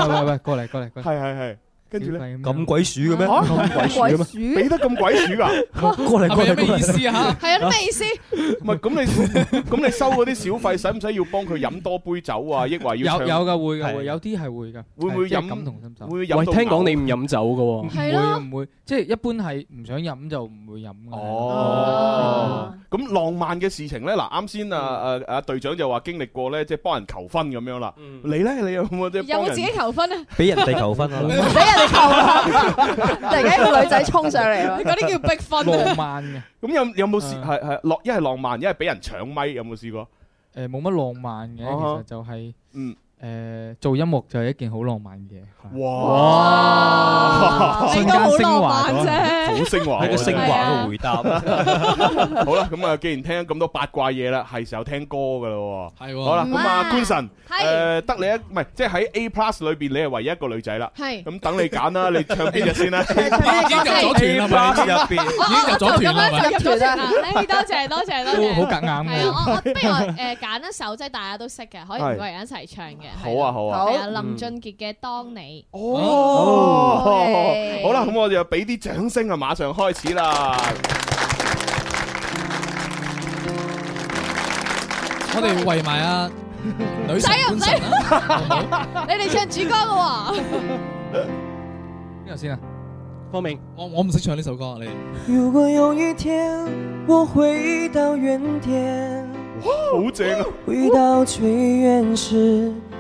Speaker 1: 喂喂喂，
Speaker 7: 過嚟過嚟過嚟。係係係。跟住咧，咁鬼
Speaker 1: 鼠嘅咩？咁鬼鼠嘅咩？俾
Speaker 4: 得咁鬼鼠噶？過嚟過嚟咩意思啊？係啊，咩意
Speaker 1: 思？唔係咁你咁你收嗰啲小費，使唔使要幫佢飲多杯酒啊？抑或要有有噶，會噶，有啲係會噶。會唔會飲？會唔會飲？喂，聽講你
Speaker 7: 唔飲酒噶？唔會唔會，即係一般係唔想飲就唔會飲。哦，
Speaker 1: 咁浪漫嘅事情咧，嗱，啱先啊啊啊，隊長就話經歷過咧，即係幫人求婚咁樣啦。你咧，你有冇即係幫自己求婚啊？俾人哋求婚啊！俾人。 突然間一個女仔衝上嚟，你嗰啲叫逼婚，浪漫嘅。 咁有有冇試？係係、uh,，一係浪漫，一係俾人搶咪，有冇試過？
Speaker 7: 誒、呃，冇乜浪漫
Speaker 1: 嘅，uh huh。其實就係、是、
Speaker 7: 嗯。做音樂就係一件好浪漫嘅嘢。哇！係個好浪漫啫，好升華係個升華嘅回答。
Speaker 1: 好啦，咁啊，既然聽咁多八卦嘢啦，係時候聽歌噶啦。係。好啦，觀辰，誒得你一，唔係即係喺 A Plus 裏面，你係唯一一個女仔啦。咁等你揀啦，你唱邊隻先啦？已經入咗團啦，入邊。已經入咗團啦，入咗團啦。多謝多謝
Speaker 2: 多謝。好夾硬
Speaker 4: 係啊，我我不
Speaker 2: 如誒揀一首即係大家都識嘅，可以唔個人一齊
Speaker 4: 唱嘅。
Speaker 1: 好啊好啊，係啊，林俊
Speaker 4: 傑嘅當你哦，好啦，咁
Speaker 1: 我就俾啲掌聲啊，馬上開始啦！ 我哋圍埋啊，女仔啊，唔 使
Speaker 2: 你哋唱主歌啦，啊，邊
Speaker 7: 頭先啊？方明，我我唔識唱呢首歌，你。
Speaker 3: 如果有一天我回到原點，哇，好正啊！回到最原始。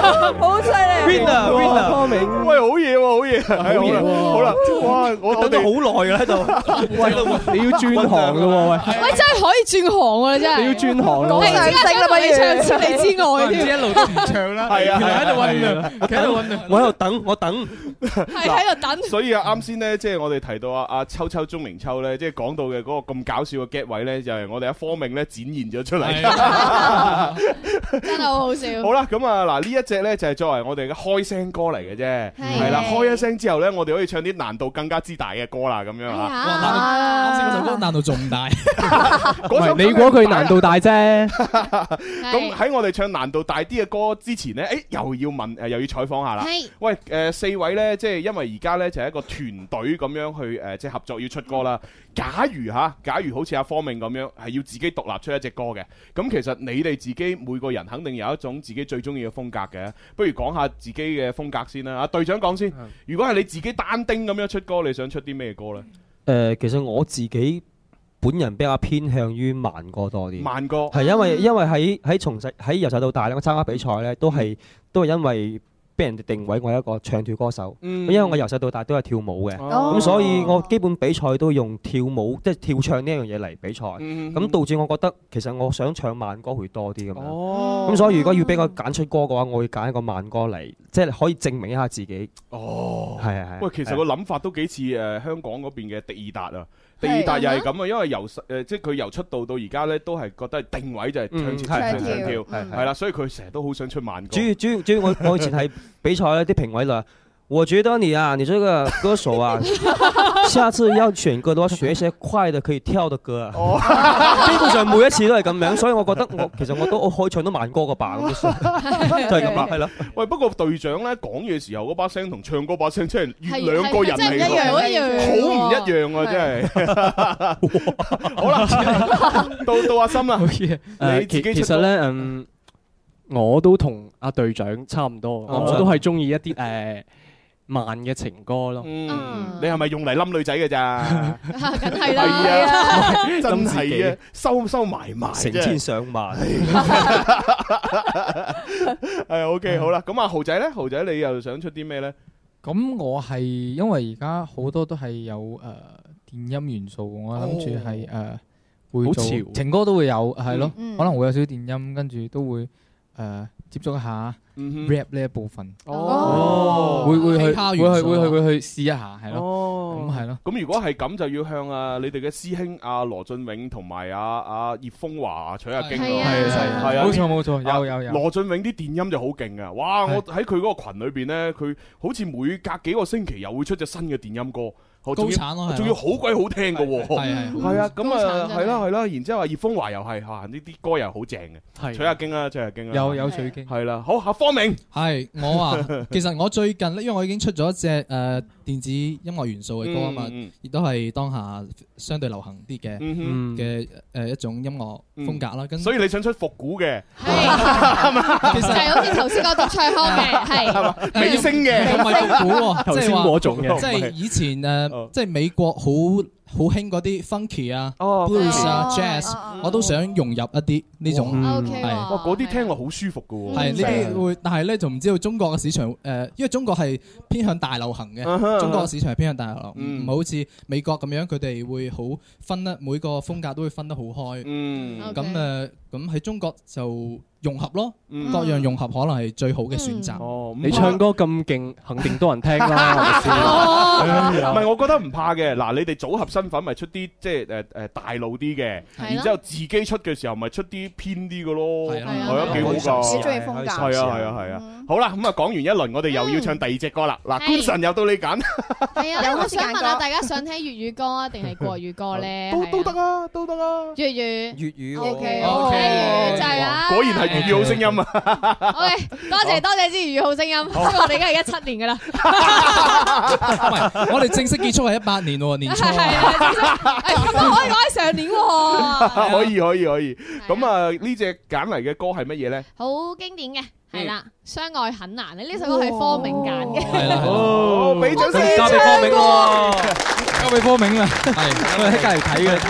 Speaker 4: 好犀利，Win 啊，Win 啊，方、啊、明，
Speaker 1: 啊啊啊啊、Forming，喂，好嘢喎，好嘢、啊，好嘢，好、啊、啦，哇，我你等咗好耐啦喺度，喺你要轉行噶喎，喂，你行
Speaker 2: 啊啊、喂，啊、真係可以轉行啊，真係，你要
Speaker 1: 轉行啦、啊，方明，而、啊啊、
Speaker 2: 家驚啦、啊，咪要唱出嚟之
Speaker 4: 外、啊，添，一路都唔唱
Speaker 1: 啦，係啊，係喺度醞釀，我喺度等，我等，係喺度等，等，、啊等啊，所以啊，啱先咧，即係我哋提到啊，阿秋秋、鍾明秋咧，即係講到嘅嗰個咁搞笑嘅 get 位咧，就係我哋阿方明咧展現咗出嚟，
Speaker 2: 真係好好笑。好啦，
Speaker 1: 咁啊，嗱呢一。即咧係作為我哋嘅開聲歌嚟嘅啫，係啦，開一聲之後呢，我哋可以唱啲難度更加之大嘅歌啦，咁樣啦、哎。難度，
Speaker 7: 仲 大。 唔係你估佢難度大啫。
Speaker 1: 咁 喺我哋唱難度大啲嘅歌之前呢，誒、哎、又要問又要採訪下啦。喂誒、呃、四位呢，即係因為而家呢，就係一個團隊咁樣去誒、呃、即係合作要出歌啦。假如嚇、啊，假如好似阿方明咁樣係要自己獨立出一隻歌嘅，咁其實你哋自己每個人肯定有一種自己最中意嘅風格嘅。不如講下自己嘅風格先啦，啊，隊長講先。如果係你自己單丁咁樣出歌，你想出啲咩歌呢？誒、
Speaker 6: 呃，其實我自己本人比較偏向於慢歌多啲。
Speaker 1: 慢歌係因
Speaker 6: 為因為喺喺從細喺由細到大咧，我參加比賽咧都係都係因為。啊因為俾人哋定位我係一個唱跳歌手，嗯、因為我由細到大都係跳舞嘅，咁、哦、所以我基本比賽都用跳舞即係、就是、跳唱呢一樣嘢嚟比賽，咁、嗯、導致我覺得其實我想唱慢歌會多啲咁樣，咁、哦、所以如果要俾我揀出歌嘅話，我會揀一個慢歌嚟，即、就、係、是、可以證明一下自己。哦，
Speaker 1: 係啊係。喂，其實個諗法都幾似誒香港嗰邊嘅迪爾達啊。第二大又係咁啊，因為由、呃、即佢由出道到而家咧，都係覺得定位就係唱跳唱跳，係、嗯、啦、嗯，所以佢成日都好想出慢歌。主主
Speaker 6: 主要，主要，主要我，我 我以前係比賽咧，啲評委啦我覺得你啊，你這個歌手啊， 下次要選歌多學選一些快的可以跳的
Speaker 1: 歌、oh.
Speaker 4: 基本
Speaker 1: 上每一次都係咁樣，所以我覺得我其實我都可以唱到慢歌噶吧，
Speaker 4: 就係咁
Speaker 1: 係啦。喂，不過隊長咧講嘢時候嗰把聲同唱歌把聲真係兩個人嚟，係、 就是、一樣一樣，好唔一樣啊！是真係 好啦， 到 到，到阿心啊，okay. 你自己其實咧，嗯、um,，
Speaker 7: 我都同阿隊長差唔多，我、oh. 都係中意一啲誒。Uh, 慢嘅
Speaker 1: 情歌咯，嗯，你係咪用嚟冧女仔嘅咋？梗係啦，真係啊，收收埋埋成千上萬，係 OK 好啦。咁阿豪仔咧，豪仔你又想出啲咩咧？咁我
Speaker 7: 係因為而家好多都係有誒電音元素，我諗住係誒會做情歌都會有係咯，可能會有少少電音，跟住都會誒接觸一下。嗯、rap 呢一部分哦，哦，會會會去會去會去，會去試一下係咯，係、哦、咯。
Speaker 1: 咁、嗯、如果係咁就要向啊你哋嘅師兄阿羅俊永同埋阿阿葉風華取下經咯，係係係，冇錯冇錯，有有有。羅俊永啲電音就好勁噶，哇！我喺佢嗰個群裏邊咧，佢好似每隔幾個星期又會出隻新嘅電音歌，高產仲要好鬼好聽噶，係啊，咁啊係啦係啦。然之後葉風華又係呢啲歌又好正嘅，取下經啦取下經啦，有有取經係啦，好方明
Speaker 7: 係我啊，其實我最近咧，因為我已經出咗一隻誒、呃、電子音樂元素嘅歌啊嘛，亦、嗯嗯、都係當下相對流行啲嘅嘅誒一種音樂風格啦、嗯。所以你想出復古嘅，
Speaker 4: 係 是， 是 其實係好似頭先嗰個蔡康嘅，係， 美聲嘅，唔係復古，頭先嗰種即
Speaker 7: 係以前誒、呃啊，即係美國好。好興嗰啲 funky 啊、oh, okay. blues 啊、jazz，oh, oh, oh, oh, oh, oh. 我都想融入一啲呢種係，嗰、oh, 啲、okay,
Speaker 1: oh, oh, oh. 哦、聽落好舒服
Speaker 4: 㗎喎，mm -hmm. 係呢啲
Speaker 7: 會，但係咧就唔知道中國嘅市場、呃、因為中國係偏向大流行嘅，uh -huh, uh -huh. 中國嘅市場係偏向大流行，唔係好似美國咁樣，佢哋會好分得每個風格都會分得好開，咁誒、咁喺中國就，融合咯、嗯，各樣融合可能係最好嘅選擇、嗯。你唱歌咁勁、嗯，肯定多人聽啦。唔係、嗯，我
Speaker 1: 覺得唔怕嘅。嗱，你哋組合身份咪出啲即係誒誒大路啲嘅，然之後自己出嘅時候咪出啲偏啲嘅咯，係啊，幾好中意風格係啊係啊係啊。好啦，咁啊講完一輪，我哋又要唱第二隻歌啦。嗱，觀辰又到你揀。
Speaker 2: 係 啊，我想問下大家想聽粵語歌啊，定係國語歌咧？都都得啊，都得啊。粵語粵語 OK k 就係
Speaker 1: 啦。果然係。粵語好聲音啊
Speaker 2: ！OK，多謝多謝支粵語好聲音，我哋而家係一七年噶啦，唔
Speaker 1: 係，我哋正式結束係一八年喎，年初係啊，
Speaker 2: 咁我可以講係上年喎，可
Speaker 1: 以可以可以。咁啊呢隻揀嚟嘅歌係乜嘢咧？
Speaker 2: 好經典嘅，係啦，相愛很難，呢呢首歌係方明揀嘅，哦，俾掌聲，方明。
Speaker 7: 交俾科明啦，係佢喺隔籬睇
Speaker 6: 嘅睇，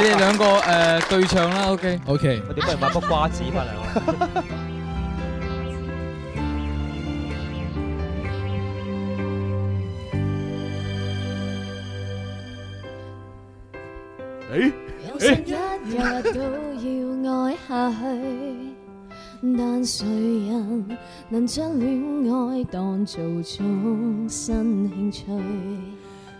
Speaker 6: 你哋兩個誒對唱啦，OK OK，我哋
Speaker 4: 不
Speaker 3: 如買包瓜子翻嚟？誒誒。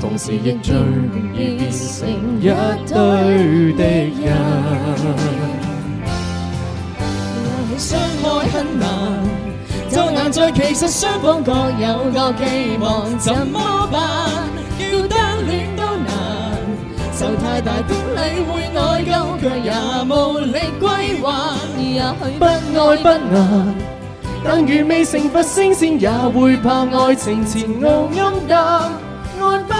Speaker 7: 同時亦最
Speaker 3: 易變成一對
Speaker 7: 敵
Speaker 4: 人。
Speaker 3: 也許相愛很難，就難在其實雙方各有各寄望，怎麼辦？要單戀都難，受太大的禮會內疚，卻也無力歸還。也許不愛不難，但如未成佛星，星星也會怕愛情前路暗淡。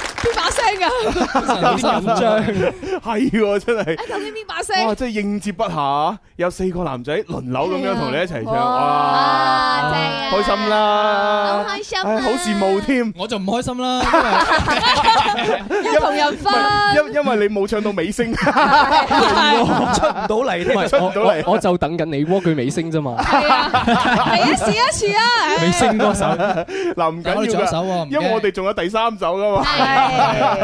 Speaker 4: 真噶，
Speaker 1: 有啲緊張，係真係。頭先呢把聲，哇，真係應接不暇。有四個男仔輪流咁樣同你一齊唱，哇，正，開心啦，好開心，好羨慕添，我就唔開心啦，因同人分，因因為你冇唱到尾聲，出唔到嚟，出唔到嚟，我就等緊你嗰句尾聲啫嘛，
Speaker 4: 試一次啊，尾
Speaker 1: 聲歌手，嗱唔緊要嘅，因為我哋仲有第三首噶嘛。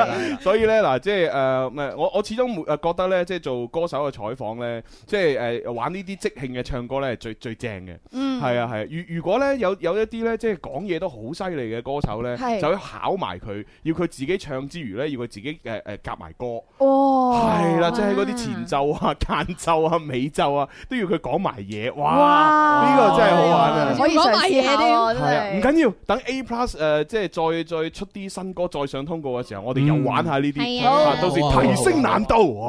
Speaker 1: 所以咧嗱，即係誒，唔、呃、係我我始終冇誒覺得咧，即係做歌手嘅採訪咧，即係誒、呃、玩呢啲即興嘅唱歌咧，係最最正嘅。嗯、啊，係啊係啊。如果如果咧有有一啲咧，即係講嘢都好犀利嘅歌手咧，啊、就要考埋佢，要佢自己唱之餘咧，要佢自己誒誒夾埋歌。
Speaker 4: 哦，係
Speaker 1: 啦，即係嗰啲前奏啊、間、啊、奏啊、尾奏啊，啊，都要佢講埋嘢。哇！呢個真係好玩啊！可以講埋嘢添，係啊，唔緊要，要。等 A plus 誒，即、呃、係再再出啲新歌再上通告嘅時候，我哋。又玩下呢啲，到時提升難度。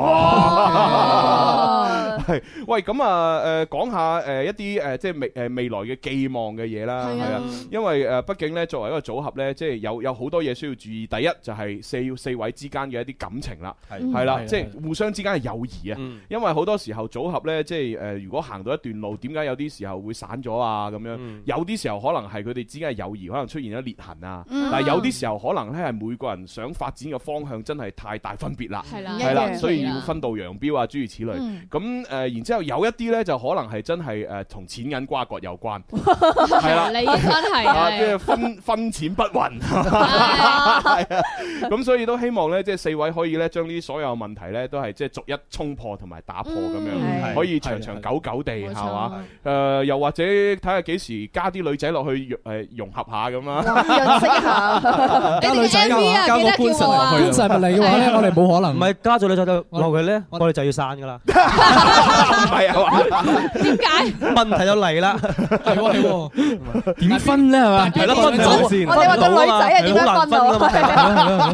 Speaker 4: 係，
Speaker 1: 喂，咁啊，誒，講下誒一啲誒，即係未誒未來嘅寄望嘅嘢啦，係啊。因為誒，畢竟咧作為一個組合咧，即係有有好多嘢需要注意。第一就係四四位之間嘅一啲感情啦，係啦，即係互相之間嘅友誼啊。因為好多時候組合咧，即係誒，如果行到一段路，點解有啲時候會散咗啊？咁樣，有啲時候可能係佢哋之間嘅友誼可能出現咗裂痕啊。但係有啲時候可能咧係每個人想發展。呢個方向真係太大分別、嗯、啦，係啦，係啦，所以要分道揚鑣啊、嗯，諸如此類。咁誒、呃，然之後有一啲咧，就可能係真係誒同錢銀瓜葛有關，
Speaker 4: 係、嗯、啦，你真係啊，即係分
Speaker 1: 分錢不均，係啊，咁、就是啊 啊啊啊啊啊、所以都希望咧，即、就、係、是、四位可以咧，將呢所有問題咧，都係即係逐一衝破同埋打破咁樣、嗯，可以長長久久地係嘛？誒，又或者睇下幾時加啲女仔落去誒融合下咁啊，
Speaker 4: 融合下，加女仔加個觀唔
Speaker 7: 係
Speaker 1: 物嚟嘅話咧，我哋冇可
Speaker 6: 能。唔係加咗女仔就我話佢咧，我哋就要散噶啦。唔係啊
Speaker 4: 嘛？點解？問
Speaker 7: 題就嚟啦。係喎係喎。點分咧係嘛？點分走先？我哋話個女仔係點解分到？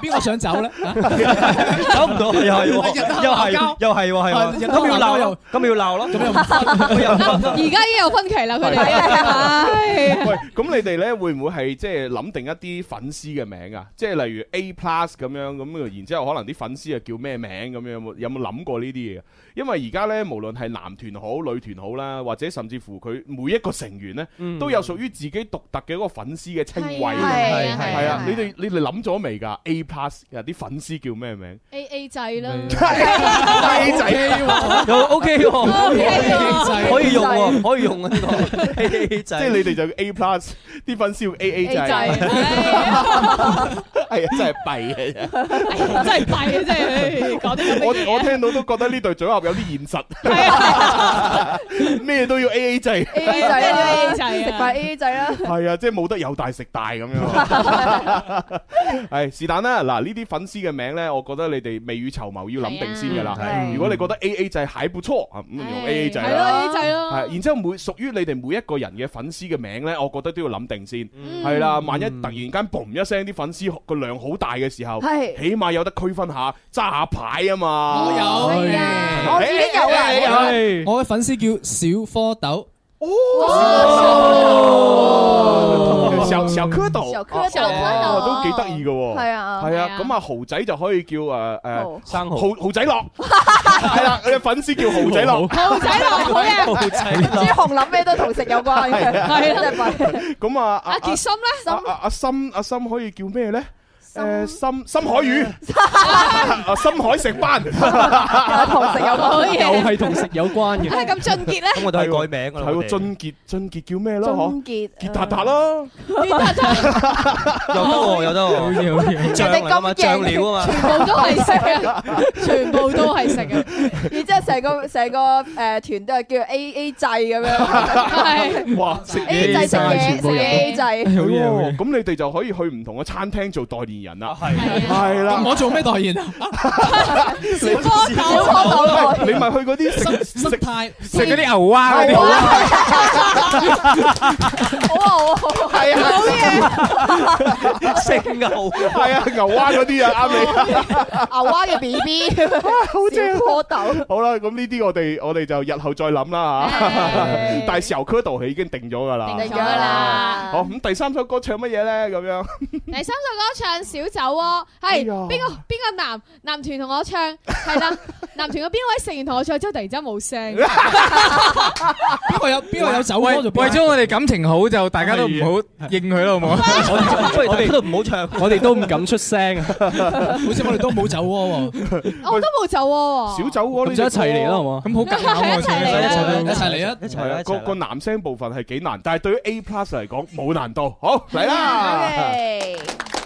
Speaker 7: 邊個想走咧？
Speaker 1: 走唔到又係喎，又係又係喎，係喎。咁要鬧又？咁要鬧咯？咁又？而
Speaker 2: 家已經有分歧啦，佢哋。喂，
Speaker 1: 咁你哋咧會唔會係即係諗定一啲粉絲嘅名啊？即係例如 A。Plus 咁樣咁，然之後可能啲粉絲啊叫咩名咁樣，有冇諗過呢啲嘢？因為而家呢，無論係男團好、女團好啦，或者甚至乎佢每一個成員呢、嗯，都有屬於自己獨特嘅一個粉絲嘅稱謂。係係啊，啊，啊，啊，啊，啊，啊，啊，啊，你哋你哋諗咗未？噶 A Plus 啲粉絲叫咩名
Speaker 4: ？A A 制啦，制又 OK，可以用
Speaker 1: 可以用啊呢個、啊、A、啊啊、A 制，即係你哋就叫 A Plus 啲粉絲叫 A A 制。 係 啊、哎，真係弊
Speaker 4: 啊！真係弊啊！真係，啊、我我
Speaker 1: 聽到都覺得呢對組合有啲現實。咩 對、啊、 都要 A A 制、 啊、，A A 制
Speaker 2: 食飯 A A
Speaker 1: 制啦。係 啊，即係冇得有大食大咁樣。係是但啦，嗱呢啲粉絲嘅名咧，我覺得你哋未雨綢繆要諗定先噶啦、啊。如果你覺得 A A 制係不錯，咁、啊、用 A A 制啦！咯，A A 制咯。係、啊啊，然之後每屬於你哋每一個人嘅粉絲嘅名咧，我覺得都要諗定先。係、嗯、啦、啊，萬一突然間嘣一聲，啲粉絲量好大嘅時候，係起碼有得區分下，揸下牌啊嘛。我有嘅，我自己有嘅，我嘅粉絲叫小蝌蚪。
Speaker 4: 哦，小蝌
Speaker 1: 蚪，小蝌蚪，小蝌蚪都幾得意㗎。係啊，係啊。咁啊，豪仔就可以叫誒誒生蠔，蠔蠔仔樂。係啦，粉絲叫蠔仔樂。蠔仔樂，好啊。朱紅諗咩都同食有關嘅，係啦，係
Speaker 2: 咪？
Speaker 1: 咁啊，阿傑森咧，阿阿森，阿森可以叫咩咧？誒，深深海魚，深海石斑，又係同食有關嘅，又係同食有關嘅。咁俊杰咧？咁我哋都係改名噶啦。係喎，俊杰，俊杰叫咩咯？俊杰，杰塔塔咯。有得喎，有得喎。好嘢，好嘢。醬料嘅，全部都係食
Speaker 2: 嘅，
Speaker 5: 全部都係食
Speaker 2: 嘅。然之後成個成個誒團都係叫 A A 制咁樣，
Speaker 5: 係。哇，
Speaker 1: 食嘢食嘢，全部人。A A 制，好嘢喎。咁你哋就可以去唔同嘅餐廳做代言。人啊，係係啦，我做咩代言
Speaker 4: 啊？食蝸牛，你咪去嗰啲食食泰
Speaker 1: 食嗰啲牛
Speaker 7: 蛙，好
Speaker 4: 啊好啊，係啊好嘢，食
Speaker 1: 牛，係啊牛蛙嗰啲啊啱你，牛
Speaker 4: 蛙嘅 B B，好正
Speaker 1: 波豆。好啦，咁呢啲我哋我哋就日後再諗啦吓，但係時候 Q 度係已經定咗噶啦，定咗啦。好咁，第三首歌唱乜嘢咧？咁樣，
Speaker 2: 第三首歌唱。小酒窩係邊個？邊個男男團同我唱？係啦 男團嘅邊位成員同我唱，之後突然之間冇聲，
Speaker 7: 邊個有邊個有酒窩？就為咗我哋感情好，就大家都唔好應佢啦，好冇？我哋都唔好唱，我哋都唔敢出聲 啊！好 似我哋都冇酒窩喎，
Speaker 1: 我都冇酒窩。小酒窩，啊，咁就一齊嚟啦，好冇，啊？咁好簡單，一齊嚟一齊嚟啦！一齊，個個男聲部分係幾難，但係對於 A Plus 嚟講冇難度。好嚟啦！
Speaker 5: 對對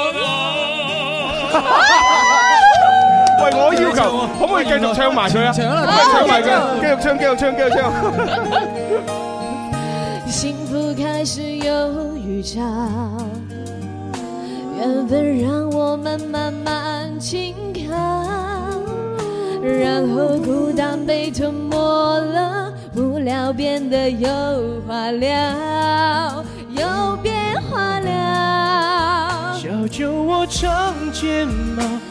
Speaker 4: 可唔可以繼續唱埋佢啊？繼續唱，繼續唱，繼續唱。
Speaker 3: 幸福開始有預兆，緣分讓我們慢慢緊靠，然後孤單被吞沒了，無聊變得有話聊，有變化了。小酒窩長睫毛。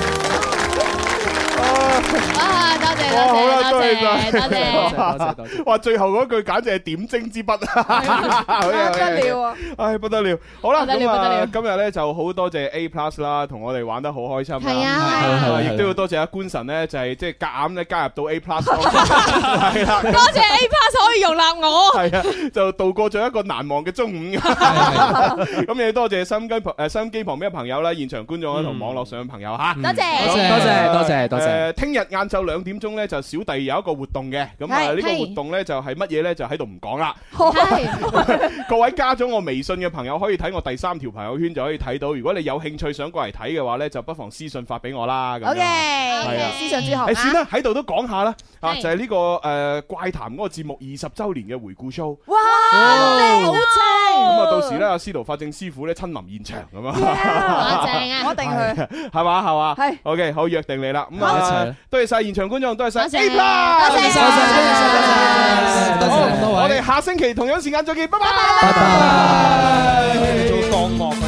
Speaker 2: 啊！多謝，好啦，多謝，多謝，
Speaker 1: 哇！最後嗰句簡直係點睛之筆啊！不得了，唉，不得了，好啦，不得了，不得了，今日咧就好多謝 A Plus 啦，同我哋玩得好開心啊！係啊，亦都要多謝阿官神咧，就係即係夾硬咧加入到 A Plus，係
Speaker 2: 啦，多謝 A Plus 可以容納我，係啊，
Speaker 1: 就度過咗一個難忘嘅中午。咁亦多謝收音機誒，收音機旁邊嘅朋友啦，現場觀眾啦，同網絡上嘅朋友吓，多謝，多謝，多謝，多謝，誒，聽。 今日晏晝兩點鐘咧，就小弟有一個活動嘅，咁啊呢個活動咧就係乜嘢咧，就喺度唔講啦。係各位加咗我微信嘅朋友，可以睇我第三條朋友圈就可以睇到。如果你有興趣想過嚟睇嘅話咧，就不妨私信發俾我啦。咁樣係啊，私信最好。係算啦，喺度都講下啦。啊，就係呢個誒怪談嗰個節目二十周年嘅回顧 show。哇，你好正！咁啊，到時咧阿司徒法正師傅咧親臨現場咁啊，正啊是，我定去，係嘛係嘛，係，OK，好約定你啦，咁啊一齊，多謝晒現場觀眾，多謝晒，多謝，多謝，多謝，多謝，多謝，好，我哋下星期同樣時間再見，拜拜拜拜。Bye-bye